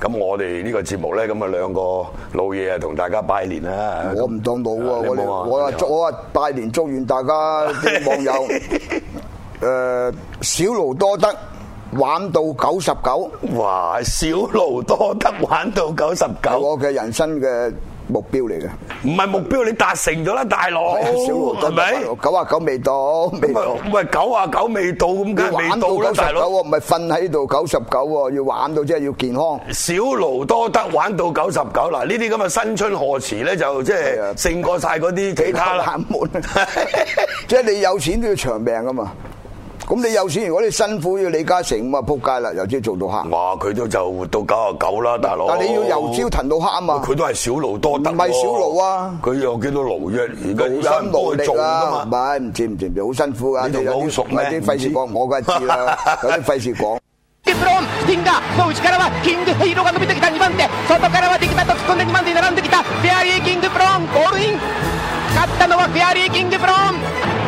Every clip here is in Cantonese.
咁我哋呢個節目咧，咁啊，兩個老嘢啊同大家拜年啦！我唔當老啊，我我啊祝我啊拜年，祝願大家網友，誒少勞多得，玩到九十九。哇！少勞多得，玩到九十九。我嘅人生嘅目標嚟嘅，唔係目標，你達成咗啦，大佬，係咪？九啊九未到，未到，唔係九啊九未到咁嘅，未到啦，大佬，唔係瞓喺度九十九喎，要玩到即係要健康，小勞多得玩到九十九。嗱，呢啲咁嘅新春賀詞咧，就即係勝過晒嗰啲其他冷門，即係你有錢都要長命啊嘛。咁你有錢，如果你辛苦要李嘉誠咁啊，仆街啦！由朝做到黑。話佢都就活到九十九啦，大佬。但係你要由朝騰到黑啊嘛。佢都係少勞多得。唔係少勞啊。佢有幾多勞啫？而家好辛苦啊。唔係唔知唔知，好辛苦㗎。你哋好熟咩？費事講，我梗係知啦。費事講。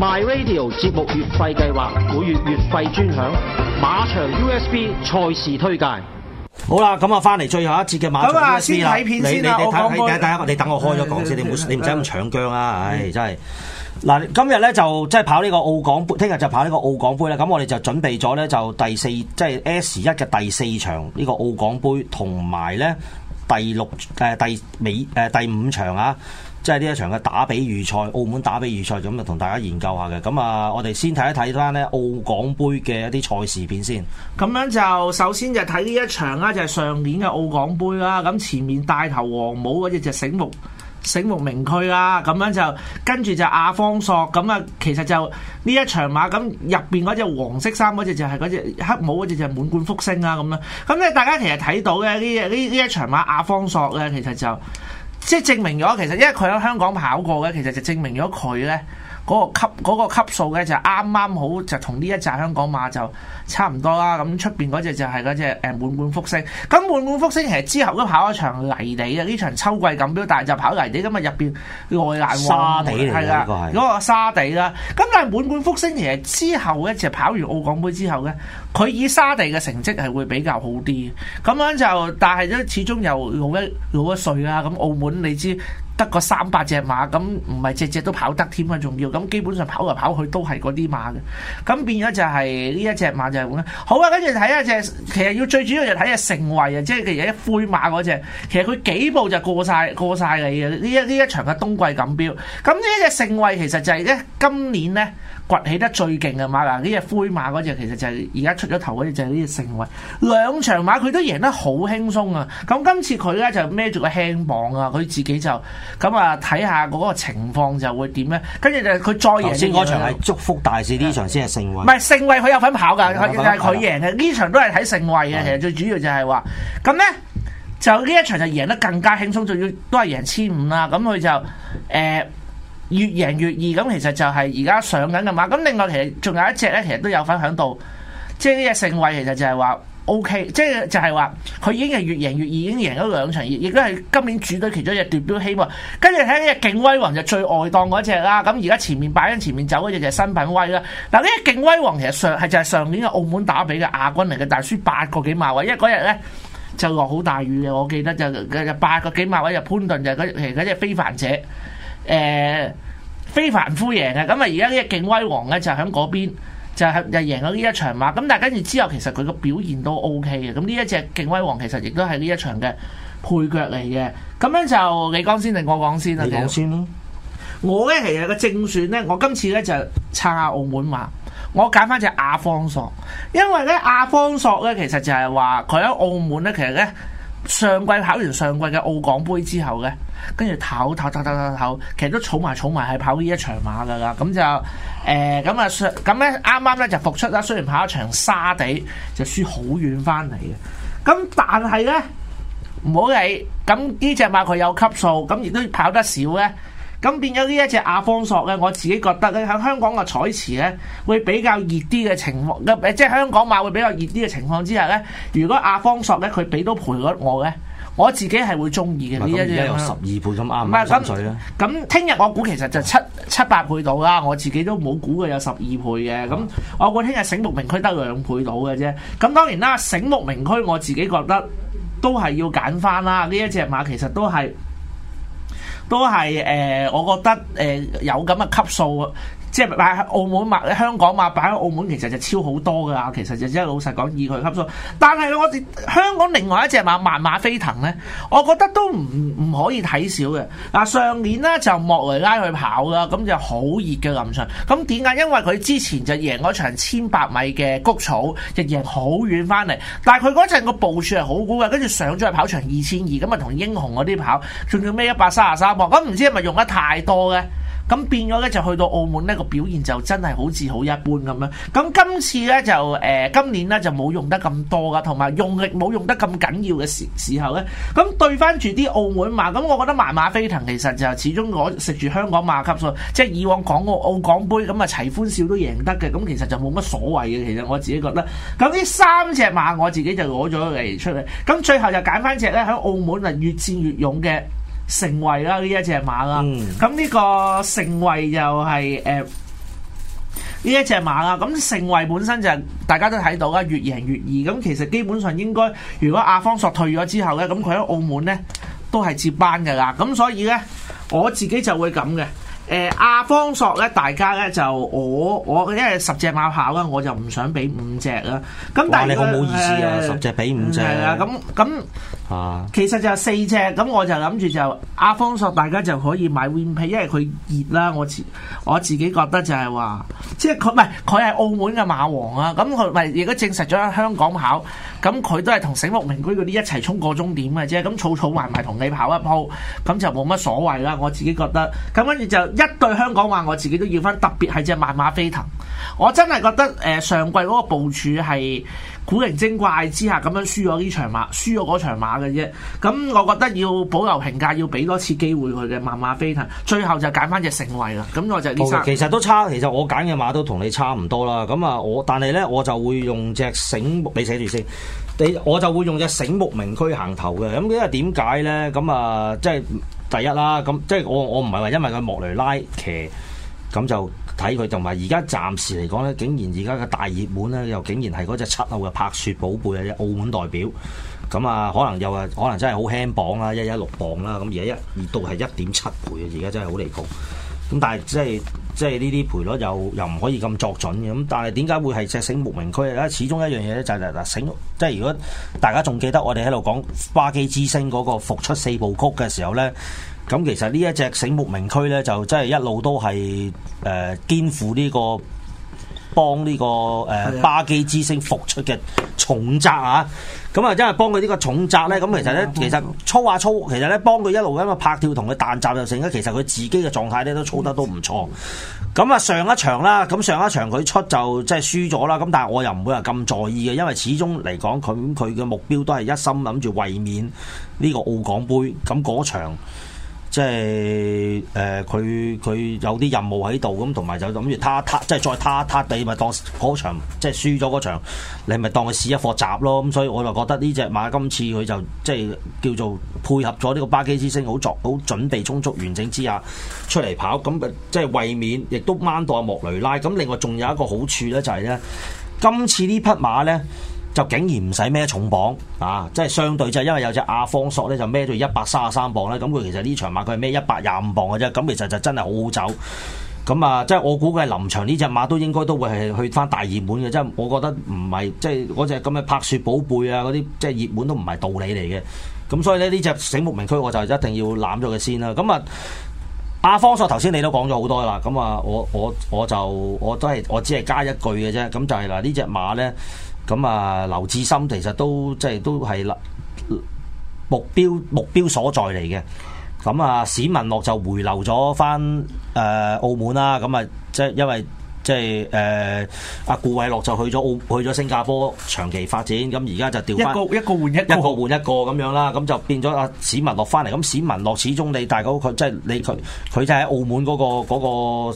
My Radio 節目月費計劃，每月月費專享馬場 USB 賽事推介。好啦，咁啊，翻嚟最後一節嘅馬場 USB 啦。你你睇睇睇睇睇，你等我開咗講先，嗯、你唔好你唔使咁搶鏡啊！唉，真係嗱，今日咧就即係跑呢個澳港杯，聽日就跑呢個澳港杯啦。咁我哋就準備咗咧，就第四即係 S 一嘅第四場呢個澳港杯，同埋咧第六誒、呃、第美誒、呃、第五場啊。即係呢一場嘅打比預賽，澳門打比預賽咁啊，同大家研究下嘅。咁啊，我哋先睇一睇翻咧澳港杯嘅一啲賽事片先。咁樣就首先就睇呢一場啦，就係上年嘅澳港杯啦。咁前面帶頭黃帽嗰隻就醒目醒目名區啦。咁樣就跟住就阿方索。咁啊，其實就呢一場馬咁，入邊嗰隻黃色衫嗰隻就係嗰隻黑帽嗰隻就滿貫福星啊咁啦。咁咧，大家其實睇到嘅呢呢呢一場馬阿方索咧，其實就。即係證明咗，其實因為佢喺香港跑過嘅，其實就證明咗佢呢。嗰個級嗰個級數咧就啱啱好就同呢一隻香港馬就差唔多啦，咁出邊嗰隻就係嗰隻誒滿貫福星，咁滿貫福星其實之後都跑一場泥地嘅呢場秋季錦標，但係就跑泥地咁啊入邊外欄沙地嚟嘅，嗰個係嗰個沙地啦。咁但係滿貫福星其實之後咧就跑完澳港盃之後咧，佢以沙地嘅成績係會比較好啲，咁樣就但係都始終又老一老一歲啊，咁澳門你知。得個三百隻馬，咁唔係隻隻都跑得添啊，仲要咁基本上跑嚟跑去都係嗰啲馬嘅，咁變咗就係、是、呢一隻馬就係點咧？好啊，跟住睇一隻，其實要最主要就睇啊勝位啊，即係嘅而家一隻灰馬嗰隻，其實佢幾步就過晒過曬嘅。呢一呢一場嘅冬季錦標，咁呢一隻勝位其實就係咧今年咧崛起得最勁嘅馬嗱，呢隻灰馬嗰隻其實就係而家出咗頭嗰隻就係呢隻勝位，兩場馬佢都贏得好輕鬆啊！咁今次佢咧就孭住個輕磅啊，佢自己就。咁啊，睇下我嗰個情況就會點咧，跟住就佢再贏。頭先嗰場係祝福大事，呢的場先係勝位。唔係勝位，佢有份跑㗎，係佢贏嘅。呢場都係睇勝位嘅，的其實最主要就係話，咁咧就呢一場就贏得更加輕鬆，仲要都係贏千五啦。咁佢就誒越贏越易，咁其實就係而家上緊嘅嘛。咁另外其實仲有一隻咧，其實都有份喺度，即係呢隻勝位，其實就係話。O K，即係就係話佢已經係越贏越熱，已經贏咗兩場亦都係今年主隊其中一隻奪標希望。跟住睇呢隻勁威王就最外檔嗰隻啦。咁而家前面擺緊前面走嗰隻就係新品威啦。嗱，呢隻勁威王其實上係就係、是、上年嘅澳門打比嘅亞軍嚟嘅，但係輸八個幾馬位，因為嗰日咧就落好大雨嘅，我記得就八個幾馬位潘頓就潘頓就嗰其嗰隻非凡者誒、呃、非凡夫贏嘅。咁啊而家呢隻勁威王咧就喺嗰邊。就係又贏咗呢一場嘛。咁，但係跟住之後其實佢個表現都 O K 嘅。咁呢一隻勁威王其實亦都係呢一場嘅配角嚟嘅。咁樣就你講先定我講先啊？你講先咯。我呢其實個正選呢，我今次呢就是、撐下澳門馬，我揀翻隻阿方索，因為呢阿方索呢，其實就係話佢喺澳門呢。其實呢，上季考完上季嘅澳港盃之後呢。跟住跑跑跑跑跑，其實都儲埋儲埋係跑呢一場馬㗎啦。咁就誒咁啊，咁咧啱啱咧就復出啦。雖然跑一場沙地就輸好遠翻嚟嘅，咁但係咧唔好理。咁呢隻馬佢有級數，咁亦都跑得少咧。咁變咗呢一隻阿方索咧，我自己覺得咧喺香港嘅彩池咧會比較熱啲嘅情況，即係香港馬會比較熱啲嘅情況之下咧，如果阿方索咧佢俾到賠率我咧。我自己係會中意嘅呢一隻啦，有十二倍咁啱啊，心水啦。咁聽日我估其實就七七八倍到啦，我自己都冇估過有十二倍嘅。咁我估聽日醒目名區得兩倍到嘅啫。咁當然啦，醒目名區我自己覺得都係要揀翻啦。呢一隻馬其實都係都係誒，我覺得誒有咁嘅級數。即係擺喺澳門馬、香港馬，擺喺澳門其實就超好多㗎喇。其實就真係老實講，以佢級數。但係我哋香港另外一隻馬萬馬，馬飛騰呢，我覺得都唔唔可以睇少嘅。嗱、啊、上年呢，就莫雷拉去跑啦，咁就好熱嘅臨場。咁點解？因為佢之前就贏嗰場千百米嘅谷草，就贏好遠翻嚟。但係佢嗰陣個步數係好高嘅，跟住上咗去跑場二千二，咁咪同英雄嗰啲跑，仲要咩一百三十三磅。咁唔知係咪用得太多咧？咁變咗咧就去到澳門呢個表現就真係好似好一般咁樣。咁今次呢，就、呃、誒今年呢，就冇用得咁多噶，同埋用力冇用得咁緊要嘅時時候呢。咁對翻住啲澳門馬，咁我覺得萬馬、馬飛騰其實就始終我食住香港馬級數，即係以往港澳、澳港盃咁啊齊歡笑都贏得嘅。咁其實就冇乜所謂嘅。其實我自己覺得，咁呢三隻馬我自己就攞咗嚟出嚟。咁最後就揀翻隻呢，喺澳門啊越戰越勇嘅。盛惠啦，呢一隻馬啦，咁呢、嗯、個盛惠又係誒呢一隻馬啦，咁盛惠本身就係、是、大家都睇到啦，越贏越易，咁其實基本上應該，如果阿方索退咗之後咧，咁佢喺澳門咧都係接班嘅啦，咁所以咧我自己就會咁嘅，誒、呃、阿方索咧，大家咧就我我因為十隻馬跑啦，我就唔想俾五隻啦，咁但係，你好冇意思啊，十隻俾五隻，係啊，咁咁。啊，其實就四隻咁，我就諗住就阿方索，大家就可以買 win pay 因為佢熱啦。我自我自己覺得就係話，即係佢唔係佢係澳門嘅馬王啊。咁佢唔係亦都證實咗喺香港跑，咁佢都係同醒目名駒嗰啲一齊衝過終點嘅啫。咁草草埋埋同你跑一鋪，咁就冇乜所謂啦。我自己覺得，咁跟住就一對香港話，我自己都要翻。特別係隻萬馬飛騰，我真係覺得誒、呃，上季嗰個部署係。古靈精怪之下咁樣輸咗呢場馬，輸咗嗰場馬嘅啫。咁我覺得要保留評價，要俾多次機會佢嘅萬馬飛騰。最後就係揀翻隻盛惠啦。咁我就呢三個，okay，其實都差。其實我揀嘅馬都同你差唔多啦。咁啊，我但係咧我就會用隻醒目。你寫住先。你我就會用隻醒目名驅行頭嘅。咁因為點解咧？咁啊，即係第一啦。咁即係我我唔係話因為佢莫雷拉騎，咁就。睇佢，同埋而家暫時嚟講咧，竟然而家嘅大熱門咧，又竟然係嗰隻七號嘅拍雪寶貝啊，澳門代表。咁啊，可能又係，可能真係好輕磅啦，一一六磅啦。咁而家一二度係一點七倍啊，而家真係好離譜。咁但係即係。即係呢啲賠率又又唔可以咁作準嘅，咁但係點解會係隻醒目名區咧？始終一樣嘢咧，就係嗱嗱醒，即係如果大家仲記得我哋喺度講巴基之星嗰個復出四部曲嘅時候咧，咁其實呢一隻醒目名區咧，就真係一路都係誒、呃、肩負呢、呢個。幫呢個誒巴基之星復出嘅重責啊，咁啊，因為幫佢呢個重責呢，咁其實呢，其實操下、啊、操，其實呢，幫佢一路咁嘅拍跳同佢彈閘就成啦。其實佢自己嘅狀態呢都操得都唔錯。咁啊，上一場啦，咁上一場佢出就即係輸咗啦。咁但係我又唔會話咁在意嘅，因為始終嚟講佢佢嘅目標都係一心諗住衛冕呢個澳港杯。咁嗰場，即係誒，佢、呃、佢有啲任務喺度，咁同埋就諗住他他，即係再他他地，咪當嗰場即係輸咗嗰場，你咪當佢試一課閘咯。咁所以我就覺得呢隻馬今次佢就即係叫做配合咗呢個巴基之星，好作好準備充足完整之下出嚟跑，咁即係為免亦都掹到阿莫雷拉。咁另外仲有一個好處咧，就係、是、咧今次呢匹馬咧。就竟然唔使孭重磅啊！即係相對就係，因為有隻阿方索咧就孭咗一百三十三磅咧，咁佢其實呢場馬佢係孭一百廿五磅嘅啫，咁其實就真係好好走。咁啊，即係我估計，臨場呢隻馬都應該都會係去翻大熱門嘅，即係我覺得唔係，即係嗰隻咁嘅拍雪寶貝啊，嗰啲即係熱門都唔係道理嚟嘅。咁所以呢，呢隻醒目名駒我就一定要攬咗佢先啦。咁啊，阿方索頭先你都講咗好多啦。咁啊，我我我就我都係我只係加一句嘅啫。咁就係、是、嗱，隻呢隻馬咧。咁啊，劉志深其實都即係都係啦，目標目標所在嚟嘅。咁啊，史文樂就回流咗翻誒澳門啦。咁啊，即係因為即係誒，阿顧偉樂就去咗澳去咗新加坡長期發展。咁而家就調翻一個一個換一個，一個換一個咁樣啦。咁就變咗阿史文樂翻嚟。咁史文樂始終你大嗰佢即係你佢佢就喺澳門嗰個嗰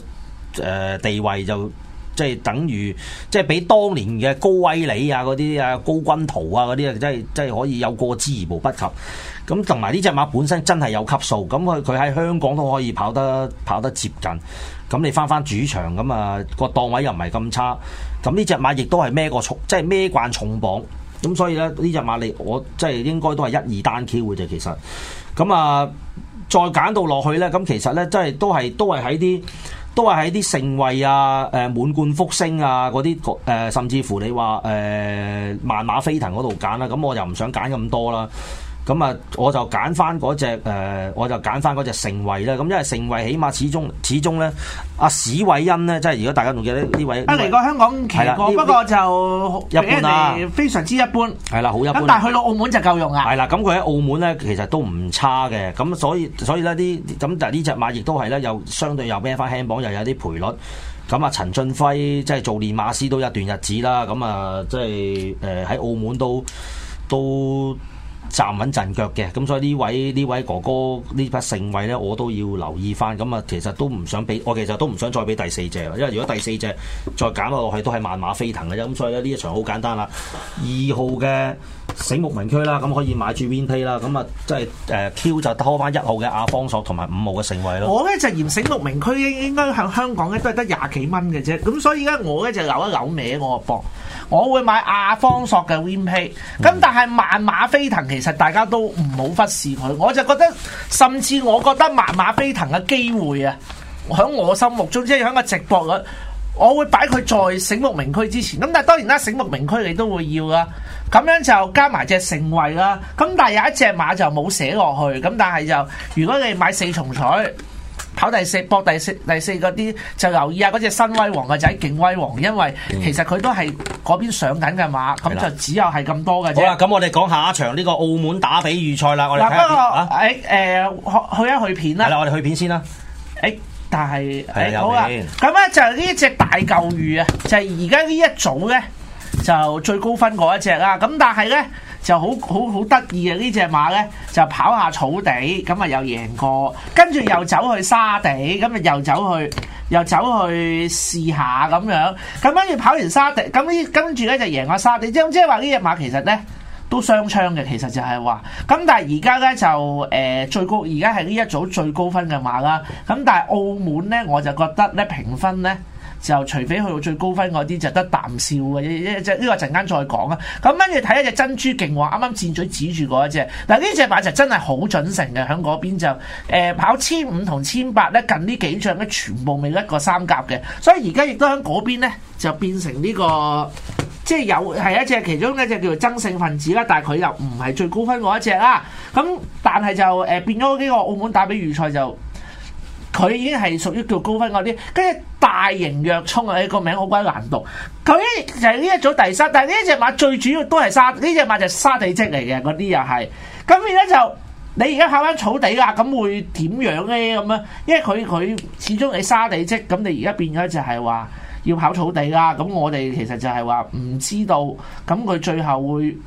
個誒地位就。即係等於，即係比當年嘅高威理啊、嗰啲啊、高君圖啊、嗰啲啊，即係真係可以有過之而無不及。咁同埋呢隻馬本身真係有級數，咁佢佢喺香港都可以跑得跑得接近。咁你翻翻主場咁啊、個檔位又唔係咁差。咁呢隻馬亦都係孭個重，即係孭慣重磅。咁所以咧呢隻馬你我即係應該都係一二單 Q 嘅啫。其實咁啊，再揀到落去咧，咁其實咧真係都係都係喺啲。都係喺啲盛惠啊、誒、呃、滿貫福星啊嗰啲誒，甚至乎你話誒萬馬飛騰嗰度揀啦，咁我就唔想揀咁多啦。咁啊，我就揀翻嗰隻誒，我就揀翻嗰隻成維啦。咁因為成維起碼始終始終咧，阿史偉恩咧，即係如果大家仲記得呢位，嚟過香港不過就一般啦，非常之一般。係啦，好一般。但係去到澳門就夠用啊。係啦，咁佢喺澳門咧其實都唔差嘅。咁所以所以咧啲咁但係呢隻馬亦都係咧，又相對又孭翻輕磅，又有啲賠率。咁啊，陳俊輝即係做練馬師都一段日子啦。咁啊，即係誒喺澳門都都。站穩陣腳嘅，咁所以呢位呢位哥哥把呢匹盛惠咧，我都要留意翻。咁啊，其實都唔想俾，我其實都唔想再俾第四隻啦。因為如果第四隻再減落落去，都係萬馬飛騰嘅啫。咁所以咧，呢一場好簡單啦。二號嘅醒目名區啦，咁可以買住 VNT 啦。咁、呃、啊，即係誒 Q 就拖翻一號嘅阿方索同埋五號嘅盛惠咯。我咧就嫌醒目名區應應該喺香港咧都係得廿幾蚊嘅啫。咁所以咧，我咧就扭一扭尾。我啊搏。我會買阿方索嘅 win pay，咁但係萬馬飛騰其實大家都唔好忽視佢。我就覺得，甚至我覺得萬馬飛騰嘅機會啊，喺我心目中即係喺個直播度，我會擺佢在醒目名區之前。咁但係當然啦，醒目名區你都會要啦。咁樣就加埋隻盛惠啦。咁但係有一隻馬就冇寫落去。咁但係就如果你買四重彩。跑第四，搏第四，第四嗰啲就留意下嗰隻新威王嘅仔勁威王，因為其實佢都係嗰邊上緊嘅馬，咁、嗯、就只有係咁多嘅。好啦，咁我哋講下一場呢個澳門打比預賽啦，我哋睇下啊，誒誒，去一去片啦。係啦，我哋去片先啦。誒、欸，但係誒是、欸、好啦，咁咧就呢隻大舊魚啊，邊就係而家呢一組咧就最高分嗰一隻啦。咁但係咧。就好好好得意嘅呢隻馬咧，就跑下草地，咁啊又贏過，跟住又走去沙地，咁啊又走去，又走去試下咁樣，咁跟住跑完沙地，咁呢跟住咧就贏咗沙地，即即係話呢隻馬其實咧都雙槍嘅，其實就係話，咁但係而家咧就誒、呃、最高，而家係呢一組最高分嘅馬啦，咁但係澳門咧我就覺得咧評分咧。就除非去到最高分嗰啲，就得啖笑嘅一隻。呢個陣間再講啦。咁跟住睇一隻珍珠勁旺，啱啱箭嘴指住嗰一隻。但呢隻馬就真係好準繩嘅，喺嗰邊就誒、呃、跑千五同千八咧，近呢幾仗咧全部未甩過三甲嘅。所以而家亦都喺嗰邊咧，就變成呢、這個即係有係一隻其中一隻叫做爭勝分子啦。但係佢又唔係最高分嗰一隻啦。咁但係就誒、呃、變咗呢個澳門打比預賽就。佢已經係屬於叫高分嗰啲，跟住大型弱衝啊！個名好鬼難讀。佢呢就呢一組第三，但呢一隻馬最主要都係沙呢一隻馬就沙地積嚟嘅嗰啲又係咁。而家就你而家考翻草地啦，咁會點樣咧？咁樣因為佢佢始終係沙地積咁，你而家變咗就係話要跑草地啦。咁我哋其實就係話唔知道咁佢最後會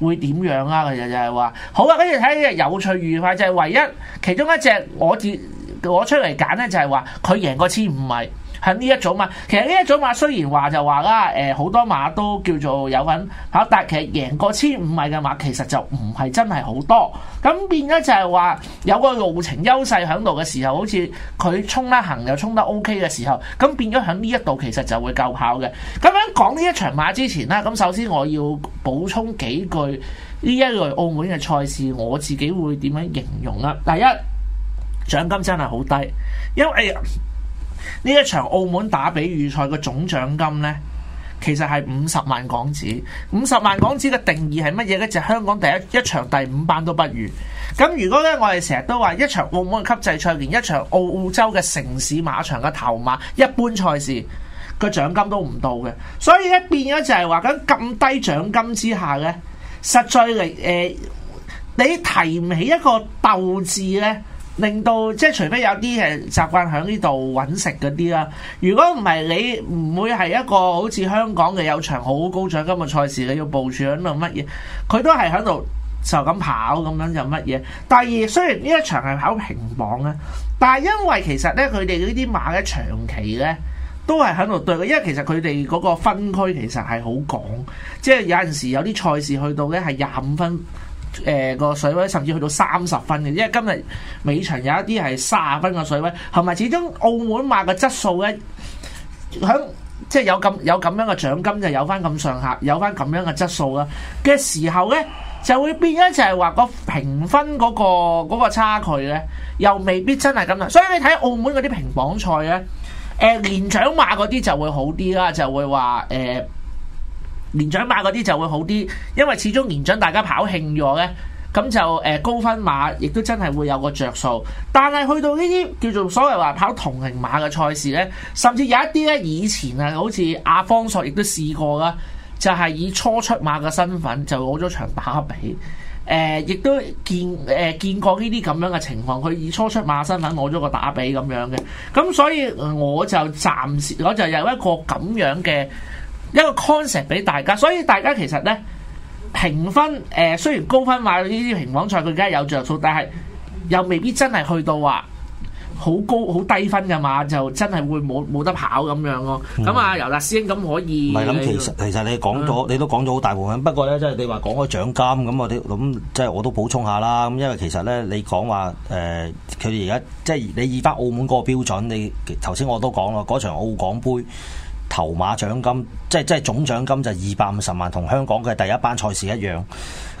會點樣啦？其實就係、是、話好啦、啊，跟住睇呢隻有趣愉快就係、是、唯一其中一隻我自。我出嚟揀呢，就係話佢贏過千五米喺呢一組馬，其實呢一組馬雖然話就話啦，誒、呃、好多馬都叫做有份，嚇，但係其實贏過千五米嘅馬其實就唔係真係好多，咁變咗就係話有個路程優勢喺度嘅時候，好似佢衝啦行又衝得 O K 嘅時候，咁變咗喺呢一度其實就會夠跑嘅。咁樣講呢一場馬之前呢，咁首先我要補充幾句呢一類澳門嘅賽事，我自己會點樣形容啦？第一。獎金真係好低，因為呢、哎、一場澳門打比預賽個總獎金呢，其實係五十萬港紙。五十萬港紙嘅定義係乜嘢呢？就香港第一一場第五班都不如咁。如果呢，我哋成日都話一場澳門嘅級制賽，連一場澳洲嘅城市馬場嘅頭馬一般賽事個獎金都唔到嘅，所以咧變咗就係話咁低獎金之下呢，實在、呃、你提唔起一個鬥志呢。令到即係除非有啲係習慣喺呢度揾食嗰啲啦，如果唔係你唔會係一個好似香港嘅有場好高獎金嘅賽事嘅要部署喺度乜嘢，佢都係喺度就咁跑咁樣就乜嘢。第二，雖然呢一場係跑平榜啊，但係因為其實呢，佢哋呢啲馬嘅長期呢都係喺度對，因為其實佢哋嗰個分區其實係好廣，即係有陣時有啲賽事去到呢係廿五分。誒、呃、個水位甚至去到三十分嘅，因為今日美場有一啲係三十分嘅水位，同埋始終澳門馬嘅質素咧，響即係有咁有咁樣嘅獎金就有翻咁上下，有翻咁樣嘅質素啦嘅時候咧，就會變咗就係話個評分嗰、嗰個嗰個差距咧，又未必真係咁啦。所以你睇澳門嗰啲評磅賽咧，誒、呃、連長馬嗰啲就會好啲啦，就會話誒。呃年長馬嗰啲就會好啲，因為始終年長大家跑慶咗呢，咁就誒、呃、高分馬亦都真係會有個着數。但係去到呢啲叫做所謂話跑同齡馬嘅賽事呢，甚至有一啲呢，以前啊，好似阿方索亦都試過啦，就係、是、以初出馬嘅身份就攞咗場打比，誒、呃、亦都見誒、呃、見過呢啲咁樣嘅情況，佢以初出馬身份攞咗個打比咁樣嘅，咁所以我就暫時我就有一個咁樣嘅。一個 concept 俾大家，所以大家其實咧評分誒，雖然高分買呢啲評分賽，佢梗係有著數，但係又未必真係去到話好高好低分嘅嘛，就真係會冇冇得跑咁樣咯。咁啊，尤達師兄咁可以。唔係諗，其實其實你講咗，你都講咗好大部分。不過咧，即係你話講嗰獎金咁，我啲咁即係我都補充下啦。咁因為其實咧，你講話誒，佢哋而家即係你以翻澳門嗰個標準，你頭先我都講啦，嗰場澳港杯。頭馬獎金即係即係總獎金就二百五十萬，同香港嘅第一班賽事一樣。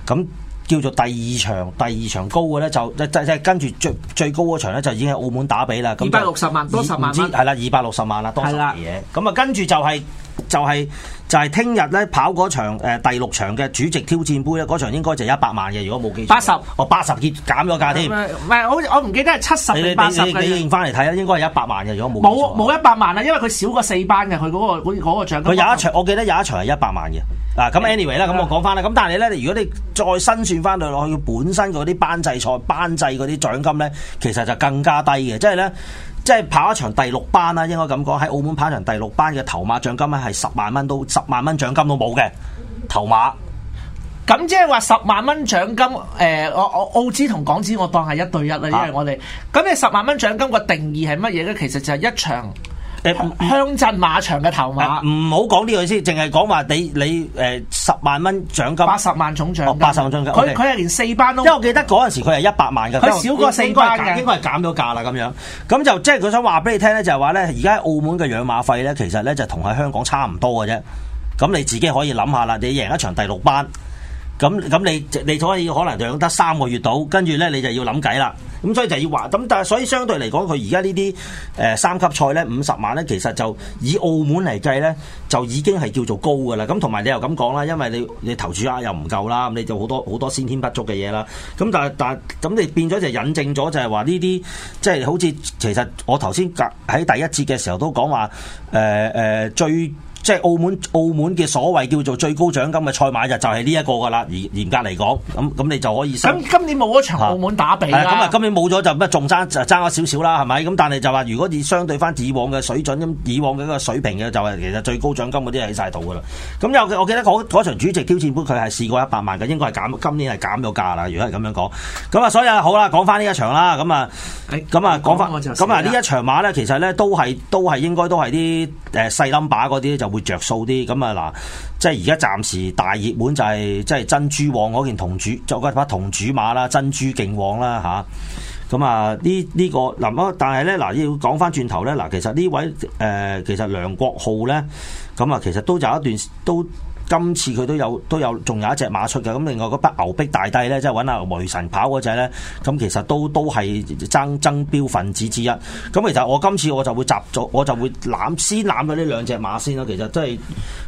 咁叫做第二場，第二場高嘅咧就即係即係跟住最最高嗰場咧就已經係澳門打比啦。咁二百六十萬多十萬蚊係啦，二百六十萬啦，多十嘅嘢。咁啊的，跟住就係、是。就係、是、就係聽日咧跑嗰場誒、呃、第六場嘅主席挑戰杯咧，嗰場應該就係一百萬嘅。如果冇記錯，八十 80, 哦，八十跌減咗價添。唔係我我唔記得係七十八十你 80, 你你認翻嚟睇啦，應該係一百萬嘅。如果冇冇冇一百萬啦，因為佢少過、那個四班嘅，佢、那、嗰個嗰個獎金。佢有一場，嗯、我記得有一場係一百萬嘅。嗱咁 anyway 啦，咁的我講翻啦。咁但係咧，如果你再申算翻去，落去本身嗰啲班制賽、班制嗰啲獎金咧，其實就更加低嘅，即係咧。即係跑一場第六班啦，應該咁講喺澳門跑一場第六班嘅頭馬獎金咧係十萬蚊都，十萬蚊獎金都冇嘅頭馬。咁即係話十萬蚊獎金，誒、呃，我我澳資同港資我當係一對一啦，因為我哋咁你十萬蚊獎金個定義係乜嘢呢？其實就係一場。誒，鄉鎮馬場嘅頭馬唔好講呢句先，淨係講話你你誒十萬蚊獎金,八十萬總獎金、哦，八十萬總獎金，八十萬總獎金。佢佢係連四班都，因為我記得嗰陣時佢係一百萬噶，佢少過四班噶的，應該係減咗價啦咁樣。咁就即係佢想話俾你聽咧，就係話咧，而家澳門嘅養馬費咧，其實咧就同喺香港差唔多嘅啫。咁你自己可以諗下啦，你贏一場第六班。咁咁你你可以可能養得三個月到，跟住咧你就要諗計啦。咁所以就要話，咁但係所以相對嚟講，佢而家呢啲誒三級賽咧五十萬咧，其實就以澳門嚟計咧，就已經係叫做高噶啦。咁同埋你又咁講啦，因為你你投注額又唔夠啦，你就好多好多先天不足嘅嘢啦。咁但係但係咁你變咗就引證咗就係話呢啲即係好似其實我頭先喺第一節嘅時候都講話誒誒最。呃呃。即係澳門澳門嘅所謂叫做最高獎金嘅賽馬日就，就係呢一個㗎啦。嚴格嚟講，咁咁你就可以。咁今年冇嗰場澳門打比啦。咁啊， 今年冇咗就乜仲爭爭咗少少啦，係咪？咁但係就話，如果以相對翻以往嘅水準，咁以往嘅一個水平嘅、就係，就係其實最高獎金嗰啲係喺曬度㗎啦。咁有我記得嗰場主席挑戰盤，佢係試過一百萬嘅，應該係減今年係減咗價啦。如果係咁樣講，咁啊，所以好啦，講翻呢一場啦，咁啊，咁啊唉講翻返，咁啊呢一場馬咧，其實咧都係都係應該都係啲誒細 number 嗰啲就會。着數啲咁啊，嗱，即係而家暫時大熱門就係即係珍珠旺嗰件同主，做嗰把同主馬啦，珍珠勁旺啦吓，咁啊呢呢個嗱，咁，但係咧嗱，要講翻轉頭咧嗱，其實呢位誒、呃，其實梁國浩咧，咁啊其實都有一段都。今次佢都有都有，仲有，有一隻馬出嘅。咁另外嗰筆牛逼大帝呢，即係揾阿雷神跑嗰隻呢，咁其實都都係爭爭標分子之，之一。咁其實我今次我就會集咗，我就會攬先攬咗呢兩隻馬先啦。其實真係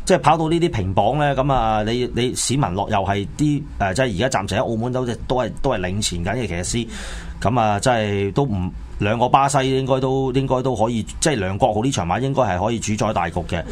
即係跑到呢啲平磅呢。咁啊你你史文洛又係啲誒，即係而家暫時喺澳門都都係都係領前緊嘅騎師，咁啊真係都唔。兩個巴西應該都應該都可以，即係兩國好呢場馬應該係可以主宰大局嘅。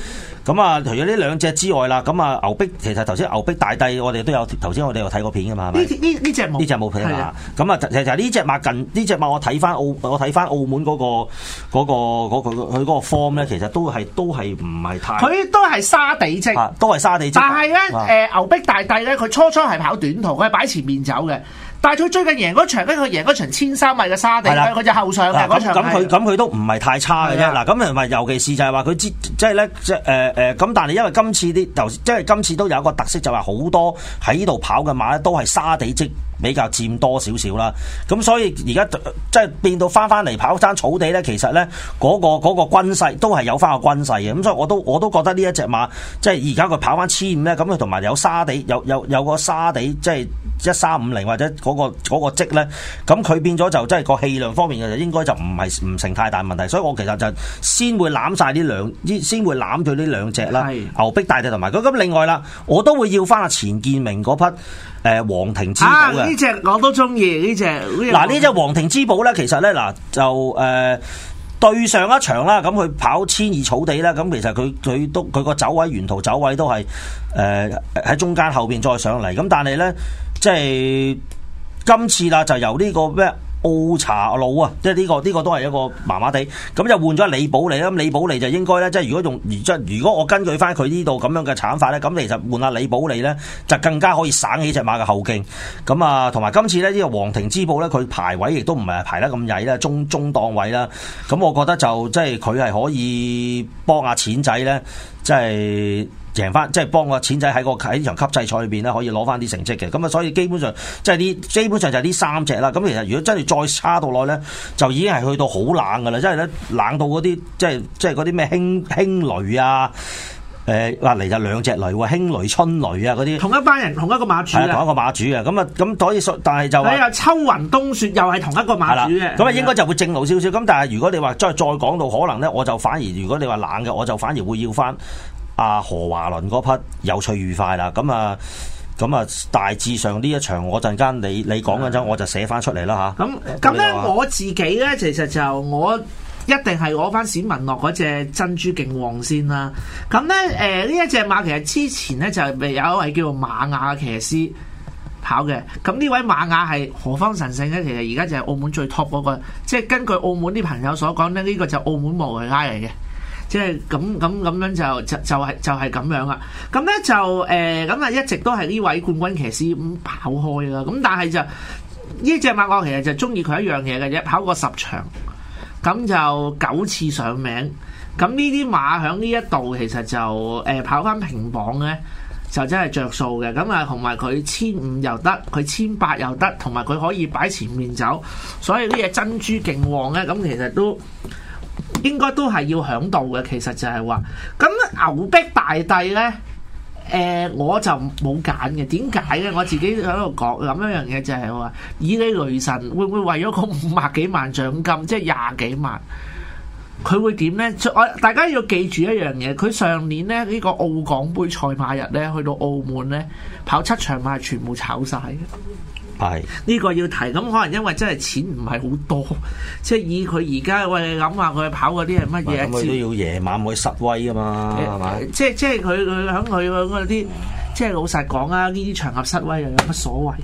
咁啊，除咗呢兩隻之外啦，咁啊牛逼，其實頭先牛逼大帝，我哋都有頭先我哋有睇過片噶嘛係咪？呢呢呢隻呢隻冇片啊。咁啊，其實呢隻馬近呢隻馬，我睇翻澳我睇翻澳門嗰個嗰佢嗰個 form 咧，其實，嗰個嗰個嗰個 form, 其實都係都係唔係太佢都係沙地積，啊，都係沙地積。但係咧，誒、呃、牛逼大帝咧，佢初初係跑短途，佢係擺前面走嘅。但係佢最近贏嗰場，跟佢贏嗰場千三米嘅沙地，佢佢就後上嘅嗰場。咁佢咁佢都唔係太差嘅啫。嗱的，咁又話，尤其是就係話佢之即係咧，即係誒誒。咁、呃、但係因為今次啲頭，即係今次都有一個特色，就係、是、好多喺呢度跑嘅馬咧，都係沙地積。比較佔多少少啦，咁所以而家即係變到翻翻嚟跑翻草地咧，其實咧嗰個嗰個軍勢都係有翻個軍勢嘅，咁所以我都我都覺得呢一隻馬即係而家佢跑翻千五咧，咁佢同埋有沙地有有有個沙地即係一三五零或者嗰個嗰個積咧，咁佢變咗就即係個氣量方面嘅就應該就唔係唔成太大問題，所以我其實就先會攬晒呢兩先先會攬住呢兩隻啦，是牛逼大地同埋佢咁另外啦，我都會要翻阿錢建明嗰匹。誒，皇庭之寶嘅，呢隻、啊、我都中意呢隻。嗱，呢隻皇庭之寶咧，其實咧，嗱就誒、呃、對上一場啦，咁佢跑千二草地啦，咁其實佢佢都佢個走位，沿途走位都係誒喺中間後邊再上嚟，咁但係咧即係今次啦，就由呢、這個咩？奧查路啊，即係呢個呢、呢個都係一個麻麻地，咁就換咗李寶利啦。咁李寶利就應該咧，即係如果用，即係如果我根據翻佢呢度咁樣嘅產法咧，咁其實換阿李寶利咧，就更加可以省起隻馬嘅後勁。咁啊，同埋今次咧、呢個，呢個皇庭之寶咧，佢排位亦都唔係排得咁曳啦，中中檔位啦。咁我覺得就即係佢係可以幫下錢仔咧，即係。贏翻即係幫個錢仔喺個喺呢場級制賽裏邊咧，可以攞翻啲成績嘅。咁啊，所以基本上即係呢基本上就係呢三隻啦。咁其實如果真係再差到落咧，就已經係去到好冷㗎喇。即係咧冷到嗰啲即係即係嗰啲咩輕輕雷啊，誒落嚟就兩隻雷喎，輕雷春雷啊嗰啲。同一班人，同一個馬主，同一個馬主啊。咁啊咁所以，但係就又有秋雲冬雪，又係同一個馬主咁啊，應該就會正路少少。咁的但係如果你話再再講到可能咧，我就反而如果你話冷嘅，我就反而會要翻。阿、啊、何華倫嗰匹有趣愉快啦，咁啊，咁啊，大致上呢一場，我陣間你你講嘅我就寫翻出嚟啦吓。咁咁咧，我自己咧，其實就我一定係攞翻冼文樂嗰隻珍珠勁旺先啦。咁、嗯、咧，誒、嗯、呢、呃、一隻馬其實之前咧就未有一叫馬騎位叫瑪雅嘅騎師跑嘅。咁呢位瑪雅係何方神聖咧？其實而家就係澳門最 top 嗰、那個，即係根據澳門啲朋友所講咧，呢、這個就澳門毛驢拉嚟嘅。這個即係咁咁咁樣就就是、就係、是、就係咁樣啦。咁咧就誒咁啊一直都係呢位冠軍騎師咁、嗯、跑開啦。咁但係就呢隻馬我其實就中意佢一樣嘢嘅，啫，跑過十場，咁就九次上名。咁呢啲馬喺呢一度其實就誒、呃、跑翻平榜咧，就真係着數嘅。咁啊同埋佢千五又得，佢千八又得，同埋佢可以擺前面走，所以呢隻珍珠勁旺咧。咁其實都。應該都係要響度嘅，其實就係話，咁牛逼大帝呢，誒、呃、我就冇揀嘅。點解呢？我自己喺度講諗一樣嘢，就係話，以你雷神會唔會為咗個五萬幾萬獎金，即係廿幾萬，佢會點呢？我大家要記住一樣嘢，佢上年呢，呢、呢個澳港盃賽馬日呢，去到澳門呢，跑七場馬全部炒晒。係，呢個要提，咁可能因為真係錢唔係好多，即係以佢而家，喂你諗下佢跑嗰啲係乜嘢？都要夜晚會失威啊嘛，係咪是吧？即係即係佢佢響佢嗰啲，即係老實講啊，呢啲場合失威又有乜所謂？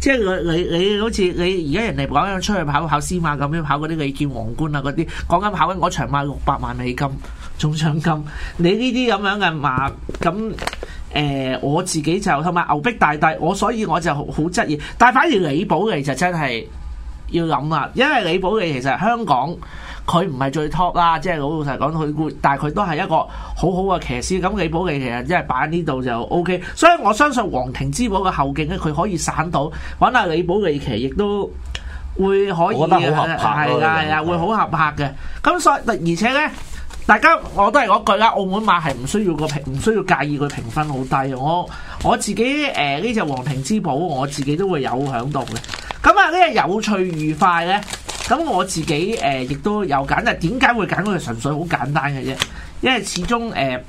即係你你，你好似你而家人哋講樣出去跑跑司馬咁樣跑嗰啲你見皇冠啊嗰啲，講緊跑緊嗰場馬六百萬美金。中獎金，你呢啲咁樣嘅嘛咁，誒、呃、我自己就同埋牛逼大帝，我所以我就好質疑。但反而李寶利就真係要諗啦，因為李寶利其實香港佢唔係最 top 啦，即係老老實講，佢但係佢都係一個好好嘅騎師。咁李寶利其實即係擺喺呢度就 O K。所以我相信皇庭之寶嘅後勁咧，佢可以散到揾下李寶利騎，亦都會可以嘅，係㗎，係啊、嗯，會好合拍嘅。咁所以，而且咧。大家我都係嗰句啦，澳門馬係唔需要個評，唔需要介意佢評分好低。我我自己誒呢隻黃庭之寶，我自己都會有響度嘅。咁、嗯、啊，呢個有趣愉快呢。咁、嗯、我自己誒亦、呃、都有揀，但係點解會揀佢？純粹好簡單嘅啫，因為始終誒、呃、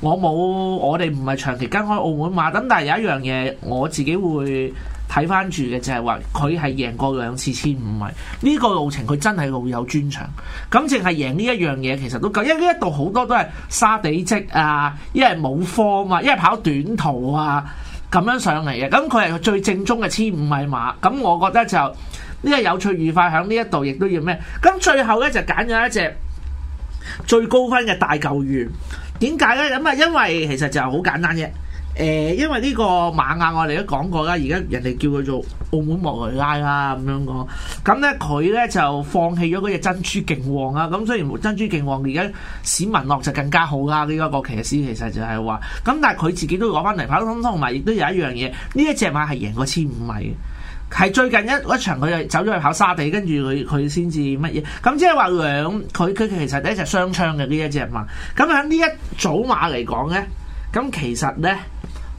我冇我哋唔係長期跟開澳門馬。咁但係有一樣嘢，我自己會。睇翻住嘅就係話佢係贏過兩次千五米呢個路程，佢真係路有專長。咁淨係贏呢一樣嘢，其實都夠。因為呢一度好多都係沙地積啊，一係冇方啊，一係跑短途啊，咁樣上嚟嘅。咁佢係最正宗嘅千五米馬。咁我覺得就呢、這個有趣愉快。響呢一度亦都要咩？咁最後呢，就揀咗一隻最高分嘅大舊圓。點解呢？咁啊，因為其實就好簡單啫。誒，因為呢個馬眼，我哋都講過啦。而家人哋叫佢做澳門莫雷拉啦，咁樣講。咁咧，佢咧就放棄咗嗰隻珍珠勁旺啊。咁雖然珍珠勁旺而家史文諾就更加好啦，呢、這、一個騎師其實就係話。咁但係佢自己都攞翻嚟跑通通，同埋亦都有一樣嘢。呢一隻馬係贏過千五米嘅，係最近一嗰場佢就走咗去跑沙地，跟住佢佢先至乜嘢。咁即係話兩，佢佢其實雙槍一就雙槍嘅呢一隻馬。咁喺呢一組馬嚟講咧，咁其實咧。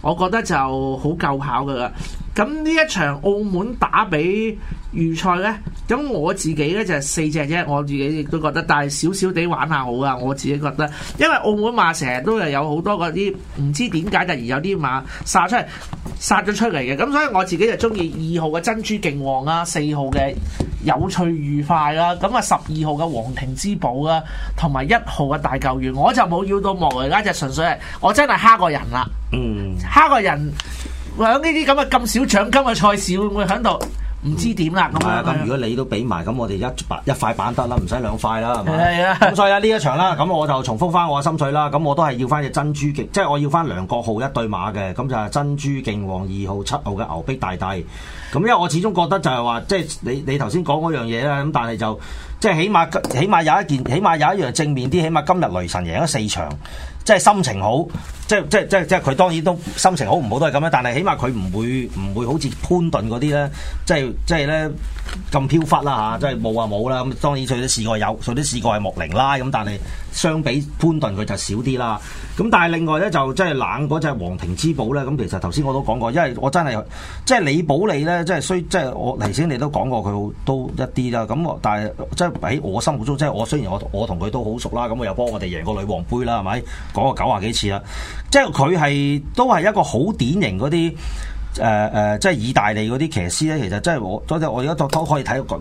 我覺得就好夠巧㗎啦。咁呢一場澳門打比預賽呢，咁我自己呢，就係四隻啫，我自己亦都覺得，但係少少地玩下好噶，我自己覺得，因為澳門馬成日都係有好多嗰啲唔知點解突然有啲馬殺出嚟，殺咗出嚟嘅，咁所以我自己就中意二號嘅珍珠勁旺啊，四號嘅有趣愉快啦、啊，咁啊十二號嘅皇庭之寶啦、啊，同埋一號嘅大救圓，我就冇要到莫而家，就純粹係我真係蝦個人啦，嗯，蝦個人。話呢啲咁嘅咁少獎金嘅賽事會唔會響度唔知點啦，咁係啊，咁、啊、如果你都俾埋，咁我哋一,一塊板一塊板得啦，唔使兩塊啦，係嘛？係啊，咁所以啊，呢一場啦，咁我就重複翻我嘅心水啦。咁我都係要翻隻珍珠勁，即係我要翻梁國浩一對馬嘅，咁就係珍珠勁旺二號七號嘅牛逼大帝。咁因為我始終覺得就係話，即係你你頭先講嗰樣嘢啦。咁但係就即係起碼起碼有一件，起碼有一樣正面啲，起碼今日雷神贏咗四場，即係心情好，好。即係即係即係即係佢當然都心情好唔好都係咁樣，但係起碼佢唔會唔會好似潘頓嗰啲咧，即係即係咧咁飄忽啦、啊、嚇，即係冇就冇啦。咁當然佢都試過有，佢都試過係莫寧啦。咁但係相比潘頓，佢就少啲啦。咁但係另外咧就即係冷嗰隻黃庭之寶咧，咁其實頭先我都講過，因為我真係即係李寶利咧，即係雖即係我頭先你都講過佢都一啲啦。咁但係即係喺我心目中，即係我雖然我我同佢都好熟啦，咁我又幫我哋贏過女王杯啦，係咪講過九廿幾次啦？即係佢係都係一個好典型嗰啲誒誒，即係意大利嗰啲騎師咧。其實真係我，所以我而家都都可以睇個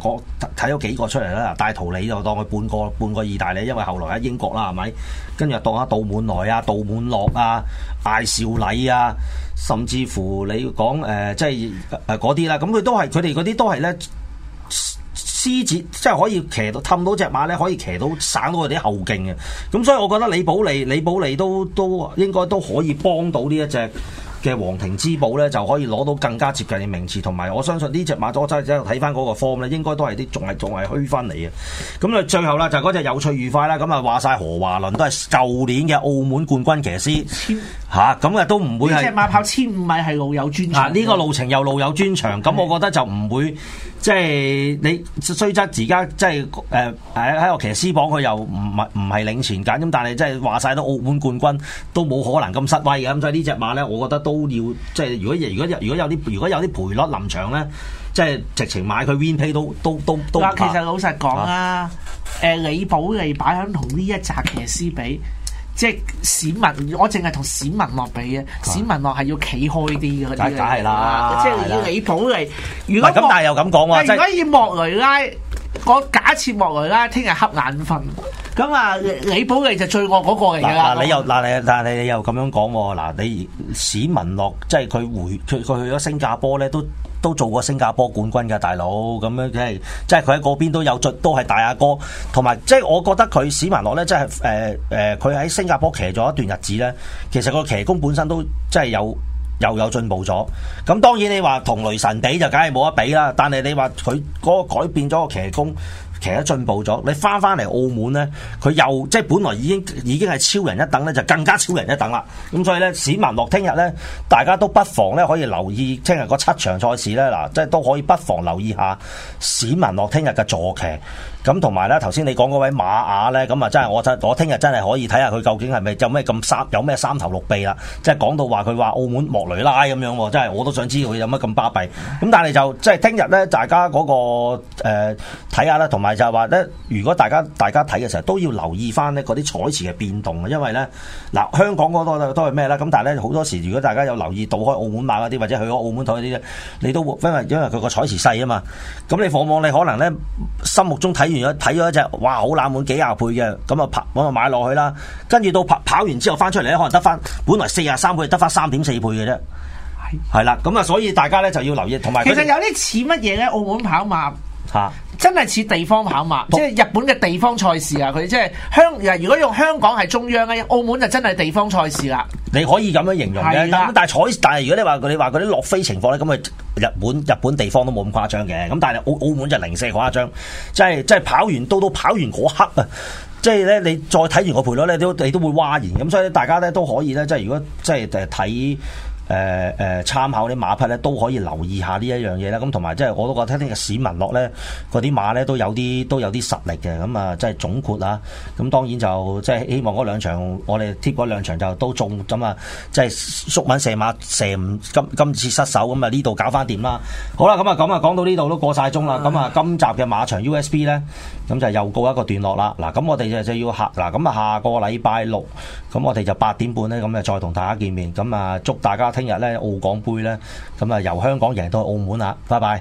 睇有幾個出嚟啦。大圖你就當佢半個半個意大利，因為後來喺英國啦，係咪？跟住又當下杜滿來啊、杜滿樂啊、艾少禮啊，甚至乎你講誒、呃，即係誒嗰啲啦。咁、呃、佢都係，佢哋嗰啲都係咧。獅子即係可以騎到氹到隻馬咧，可以騎到省到佢啲後勁嘅，咁所以我覺得李寶利李寶利都都應該都可以幫到呢一隻。嘅皇庭之寶咧，就可以攞到更加接近嘅名次，同埋我相信呢隻馬，我真係睇翻嗰個 form 咧，應該都係啲仲係仲係虛翻嚟嘅。咁啊，最後啦就係、是、嗰隻有趣愉快啦。咁、嗯、啊話晒，何華倫都係舊年嘅澳門冠軍騎師，嚇咁千啊都唔會呢隻馬跑千五米係路有專長，呢、啊呢個路程又路有專長，咁 我覺得就唔會即係你雖則而家即係誒喺喺個騎師榜佢又唔唔係領前駕，咁但係即係話晒，都澳門冠軍都冇可能咁失威嘅，咁所以隻呢隻馬咧，我覺得都。都要即係，如果如果如果有啲如果有啲賠率臨場咧，即係直情買佢 win pay 都都都都。都都其實老實講啊，誒、呃、李寶利擺響同呢一集騎師比，即係史文，我淨係同史文樂比啊，史文樂係要企開啲嘅。梗係啦，即係要以李寶利，的如果咁，但係又咁講喎，即係是如果以莫雷拉。我假設落嚟啦，聽日黑眼瞓，咁、嗯、啊，李寶利就最惡嗰個嚟嗱你又嗱、嗯啊、你嗱你你又咁樣講喎、啊，嗱、啊、你史文樂即係佢回佢佢去咗新加坡咧，都都做過新加坡冠軍㗎，大佬咁樣即係即係佢喺嗰邊都有都係大阿哥，同埋即係我覺得佢史文樂咧，即係誒誒，佢、呃、喺、呃、新加坡騎咗一段日子咧，其實個騎功本身都即係有。又有進步咗，咁當然你話同雷神比就梗係冇得比啦，但係你話佢嗰個改變咗個騎功，騎得進步咗，你翻翻嚟澳門呢，佢又即係本來已經已經係超人一等呢，就更加超人一等啦。咁所以呢，史文樂聽日呢，大家都不妨呢，可以留意聽日嗰七場賽事呢。嗱，即係都可以不妨留意下史文樂聽日嘅坐騎。咁同埋咧，頭先你講嗰位馬雅咧，咁啊真係我我聽日真係可以睇下佢究竟係咪有咩咁三有咩三頭六臂啦？即係講到話佢話澳門莫雷拉咁樣，真係我都想知佢有乜咁巴閉。咁但係就即係聽日咧，大家嗰個誒睇下啦。同埋就係話咧，如果大家大家睇嘅時候都要留意翻咧嗰啲彩池嘅變動啊，因為咧嗱、呃、香港嗰個都係咩咧？咁但係咧好多時，如果大家有留意到開澳門馬嗰啲，或者去澳門台嗰啲咧，你都會因為因為佢個彩池細啊嘛。咁你往往你可能咧心目中睇。睇咗一隻，哇，好冷門，幾廿倍嘅。咁啊，我就買落去啦，跟住到跑跑完之後翻出嚟咧，可能得翻本來四十三倍，得翻三點四倍嘅啫，係啦是，咁啊，所以大家咧就要留意，同埋其實有啲似乜嘢咧？澳門跑馬吓。啊真係似地方跑馬，即係日本嘅地方賽事啊！佢即係香，如果用香港係中央咧，澳門就真係地方賽事啦。你可以咁樣形容嘅，是的 但係彩，但係如果你話佢話嗰啲落飛情況咧，咁啊日本日本地方都冇咁誇張嘅，咁但係澳澳門就零舍誇張，即係即係跑完到到跑完嗰刻啊，即係咧你再睇完個賠率咧，你都你都會嘩然。咁所以大家咧都可以咧，即係如果即係睇。誒誒、呃呃、參考啲馬匹咧都可以留意下一呢一樣嘢啦，咁同埋即係我都覺得呢個市民落咧嗰啲馬咧都有啲都有啲實力嘅，咁啊即係總括啊，咁當然就即係、就是、希望嗰兩場我哋貼嗰兩場就都中咁啊，即係縮緊射馬，射唔今今次失手咁啊呢度搞翻掂啦。嗯、好啦，咁啊咁啊講到呢度都過晒鐘啦，咁啊今集嘅馬場 USB 咧。咁就又告一個段落啦。嗱，咁我哋就就要下，嗱，咁啊下個禮拜六，咁我哋就八點半咧，咁啊再同大家見面。咁啊祝大家聽日咧澳港杯咧，咁啊由香港贏到澳門啊！拜拜。